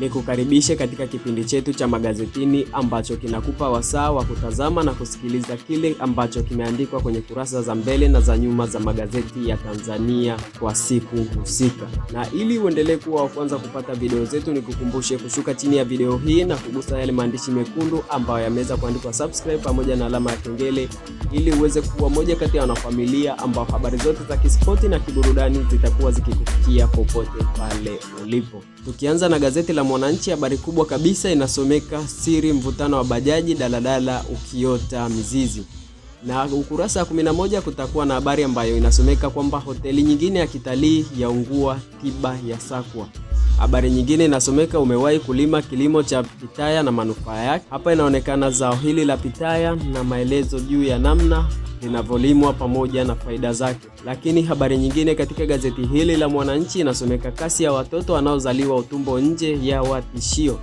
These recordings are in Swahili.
ni kukaribishe katika kipindi chetu cha magazetini ambacho kinakupa wasaa wa kutazama na kusikiliza kile ambacho kimeandikwa kwenye kurasa za mbele na za nyuma za magazeti ya Tanzania kwa siku husika. Na ili uendelee kuwa wa kwanza kupata video zetu, ni kukumbushe kushuka chini ya video hii na kugusa yale maandishi mekundu ambayo yameweza kuandikwa subscribe pamoja na alama ya kengele, ili uweze kuwa moja kati ya wanafamilia ambao habari zote za kispoti na kiburudani zitakuwa zikikufikia popote pale ulipo. Tukianza na gazeti la Mwananchi, habari kubwa kabisa inasomeka siri mvutano wa bajaji daladala ukiota mizizi, na ukurasa wa 11 kutakuwa na habari ambayo inasomeka kwamba hoteli nyingine ya kitalii yaungua tiba ya sakwa. Habari nyingine inasomeka umewahi kulima kilimo cha pitaya na manufaa yake. Hapa inaonekana zao hili la pitaya na maelezo juu ya namna linavyolimwa pamoja na faida zake. Lakini habari nyingine katika gazeti hili la Mwananchi inasomeka kasi ya watoto wanaozaliwa utumbo nje ya watishio.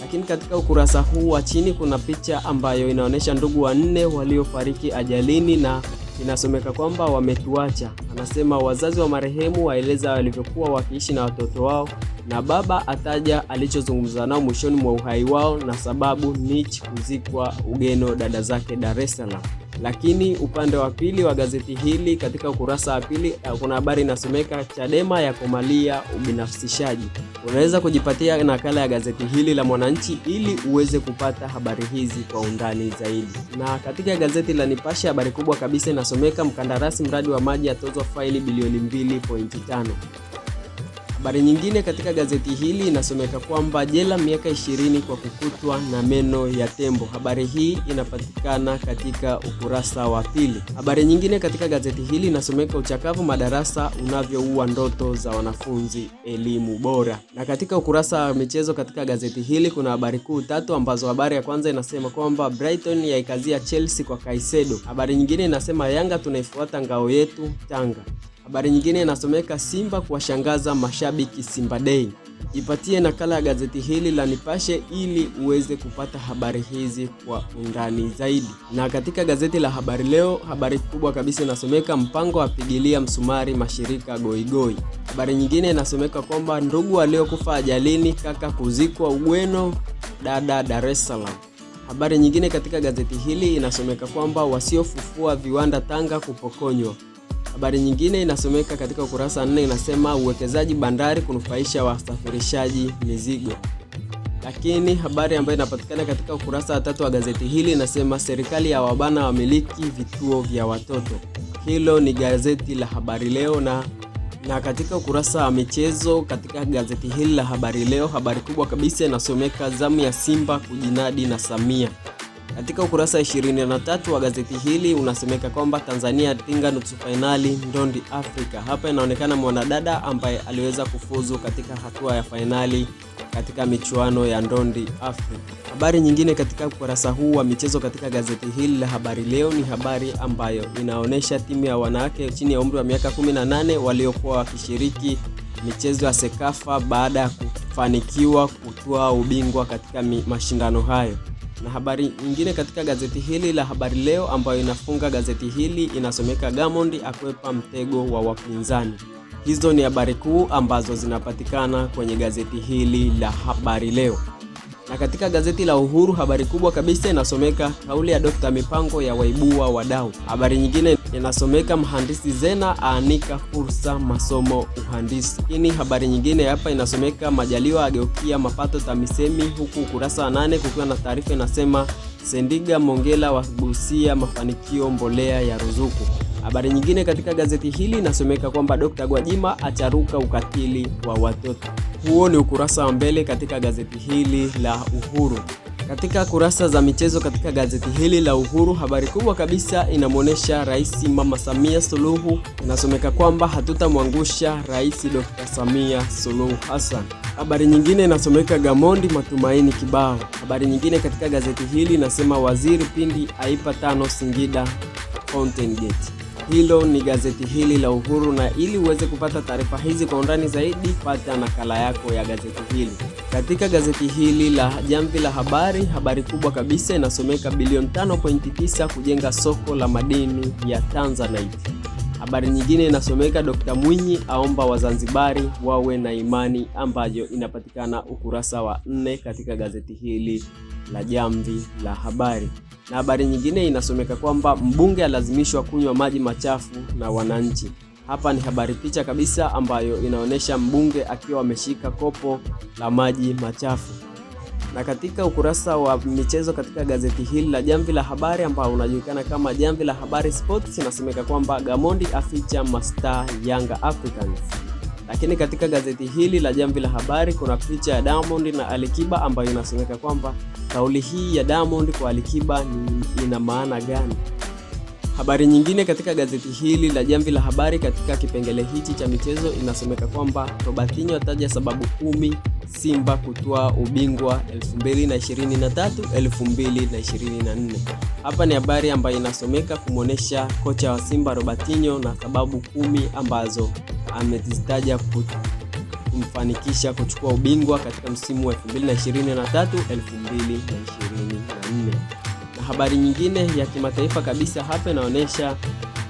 Lakini katika ukurasa huu wa chini kuna picha ambayo inaonyesha ndugu wanne waliofariki ajalini na inasomeka kwamba wametuacha. Anasema wazazi wa marehemu waeleza walivyokuwa wakiishi na watoto wao, na baba ataja alichozungumza nao mwishoni mwa uhai wao na sababu Nich kuzikwa ugeno dada zake Dar es Salaam. Lakini upande wa pili wa gazeti hili katika ukurasa wa pili eh, kuna habari inasomeka, Chadema ya kumalia ubinafsishaji. Unaweza kujipatia nakala ya gazeti hili la Mwananchi ili uweze kupata habari hizi kwa undani zaidi. Na katika gazeti la Nipashe habari kubwa kabisa inasomeka, mkandarasi mradi wa maji atozwa faili bilioni 2.5. Habari nyingine katika gazeti hili inasomeka kwamba jela miaka 20 kwa kukutwa na meno ya tembo. Habari hii inapatikana katika ukurasa wa pili. Habari nyingine katika gazeti hili inasomeka uchakavu madarasa unavyoua ndoto za wanafunzi elimu bora. Na katika ukurasa wa michezo katika gazeti hili kuna habari kuu tatu ambazo habari ya kwanza inasema kwamba Brighton yaikazia Chelsea kwa Kaisedo. Habari nyingine inasema Yanga tunaifuata ngao yetu Tanga. Habari nyingine inasomeka Simba kuwashangaza mashabiki, Simba Day. Jipatie nakala ya gazeti hili la Nipashe ili uweze kupata habari hizi kwa undani zaidi. Na katika gazeti la Habari Leo, habari kubwa kabisa inasomeka mpango apigilia msumari mashirika goigoi. Habari nyingine inasomeka kwamba ndugu aliyokufa ajalini, kaka kuzikwa Ugweno, dada Dar es Salaam. Habari nyingine katika gazeti hili inasomeka kwamba wasiofufua viwanda Tanga kupokonywa. Habari nyingine inasomeka katika ukurasa nne, inasema uwekezaji bandari kunufaisha wasafirishaji mizigo. Lakini habari ambayo inapatikana katika ukurasa wa tatu wa gazeti hili inasema serikali ya wabana wamiliki vituo vya watoto. Hilo ni gazeti la Habari Leo na na katika ukurasa wa michezo katika gazeti hili la Habari Leo, habari kubwa kabisa inasomeka zamu ya Simba kujinadi na Samia. Katika ukurasa 23 wa gazeti hili unasemeka kwamba Tanzania tinga nusu fainali ndondi Afrika. Hapa inaonekana mwanadada ambaye aliweza kufuzu katika hatua ya fainali katika michuano ya ndondi Afrika. Habari nyingine katika ukurasa huu wa michezo katika gazeti hili la Habari Leo ni habari ambayo inaonyesha timu ya wanawake chini ya umri wa miaka 18 waliokuwa wakishiriki michezo ya Sekafa baada ya kufanikiwa kutoa ubingwa katika mashindano hayo. Na habari nyingine katika gazeti hili la Habari Leo ambayo inafunga gazeti hili inasomeka Gamondi akwepa mtego wa wapinzani. Hizo ni habari kuu ambazo zinapatikana kwenye gazeti hili la Habari Leo. Na katika gazeti la Uhuru habari kubwa kabisa inasomeka kauli ya Dr. Mipango ya waibua wadau. Habari nyingine inasomeka mhandisi Zena aanika fursa masomo uhandisi. Lakini habari nyingine hapa inasomeka Majaliwa ageukia mapato TAMISEMI, huku ukurasa wa nane kukiwa na taarifa inasema Sendiga Mongela wagusia mafanikio mbolea ya ruzuku. Habari nyingine katika gazeti hili inasomeka kwamba Dkt. Gwajima acharuka ukatili wa watoto. Huo ni ukurasa wa mbele katika gazeti hili la Uhuru. Katika kurasa za michezo katika gazeti hili la Uhuru, habari kubwa kabisa inamwonyesha Rais Mama Samia Suluhu. Inasomeka kwamba hatutamwangusha Rais Dr. Samia Suluhu Hassan. Habari nyingine inasomeka Gamondi matumaini kibao. Habari nyingine katika gazeti hili inasema waziri Pindi aipa tano Singida Fountain Gate. Hilo ni gazeti hili la Uhuru, na ili uweze kupata taarifa hizi kwa undani zaidi, pata nakala yako ya gazeti hili. Katika gazeti hili la Jamvi la Habari, habari kubwa kabisa inasomeka bilioni 5.9 kujenga soko la madini ya Tanzanite. Habari nyingine inasomeka Dr. Mwinyi aomba Wazanzibari wawe na imani, ambayo inapatikana ukurasa wa nne katika gazeti hili la Jamvi la Habari. Na habari nyingine inasomeka kwamba mbunge alazimishwa kunywa maji machafu na wananchi. Hapa ni habari picha kabisa ambayo inaonyesha mbunge akiwa ameshika kopo la maji machafu na katika ukurasa wa michezo katika gazeti hili la Jamvi la Habari ambao unajulikana kama Jamvi la Habari Sports, inasemeka kwamba Gamondi aficha mastaa Yanga Africans. Lakini katika gazeti hili la Jamvi la Habari kuna picha ya Diamond na Alikiba ambayo inasemeka kwamba kauli hii ya Diamond kwa Alikiba ni ina maana gani? Habari nyingine katika gazeti hili la Jamvi la Habari katika kipengele hichi cha michezo inasemeka kwamba Robertinho ataja sababu kumi Simba kutoa ubingwa 2023 2024. Hapa ni habari ambayo inasomeka kumwonyesha kocha wa Simba Robertinho na sababu kumi ambazo amezitaja kumfanikisha kuchukua ubingwa katika msimu wa 2023 2024. Na habari nyingine ya kimataifa kabisa hapa inaonyesha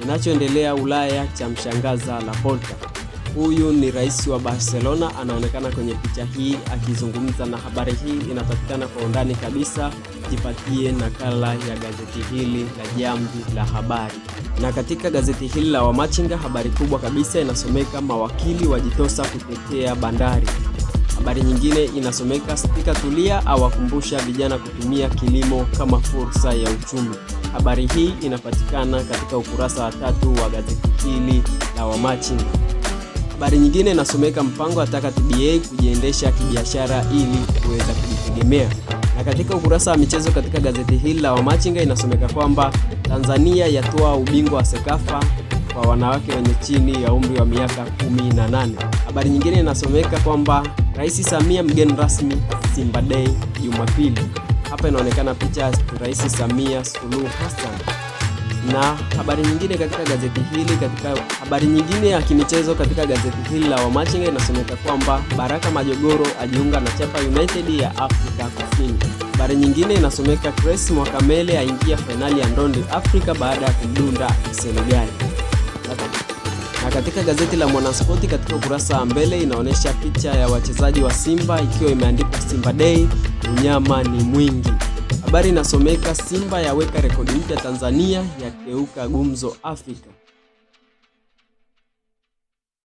kinachoendelea Ulaya cha mshangaza Laporta Huyu ni rais wa Barcelona, anaonekana kwenye picha hii akizungumza, na habari hii inapatikana kwa undani kabisa. Jipatie nakala ya gazeti hili la Jamvi la Habari. Na katika gazeti hili la Wamachinga, habari kubwa kabisa inasomeka mawakili wajitosa kutetea bandari. Habari nyingine inasomeka Spika Tulia awakumbusha vijana kutumia kilimo kama fursa ya uchumi. Habari hii inapatikana katika ukurasa wa tatu wa gazeti hili la Wamachinga. Habari nyingine inasomeka Mpango ataka TBA kujiendesha kibiashara ili kuweza kujitegemea. Na katika ukurasa wa michezo katika gazeti hili la Wamachinga inasomeka kwamba Tanzania yatoa ubingwa wa Sekafa kwa wanawake wenye chini ya umri wa miaka 18. Habari nyingine inasomeka kwamba Rais Samia mgeni rasmi Simba Day Jumapili. Hapa inaonekana picha ya Rais Samia Suluhu Hassan na habari nyingine katika gazeti hili. Katika habari nyingine ya kimichezo katika gazeti hili la Wamachinga inasomeka kwamba Baraka Majogoro ajiunga na Chapa United ya Afrika Kusini. Habari nyingine inasomeka Grace Mwakamele aingia fainali ya ndondi Afrika baada ya kudunda Senegal. Na katika gazeti la Mwanaspoti katika ukurasa wa mbele inaonyesha picha ya wachezaji wa Simba ikiwa imeandikwa Simba Day, unyama ni mwingi. Habari inasomeka Simba yaweka rekodi mpya Tanzania yakeuka gumzo Afrika.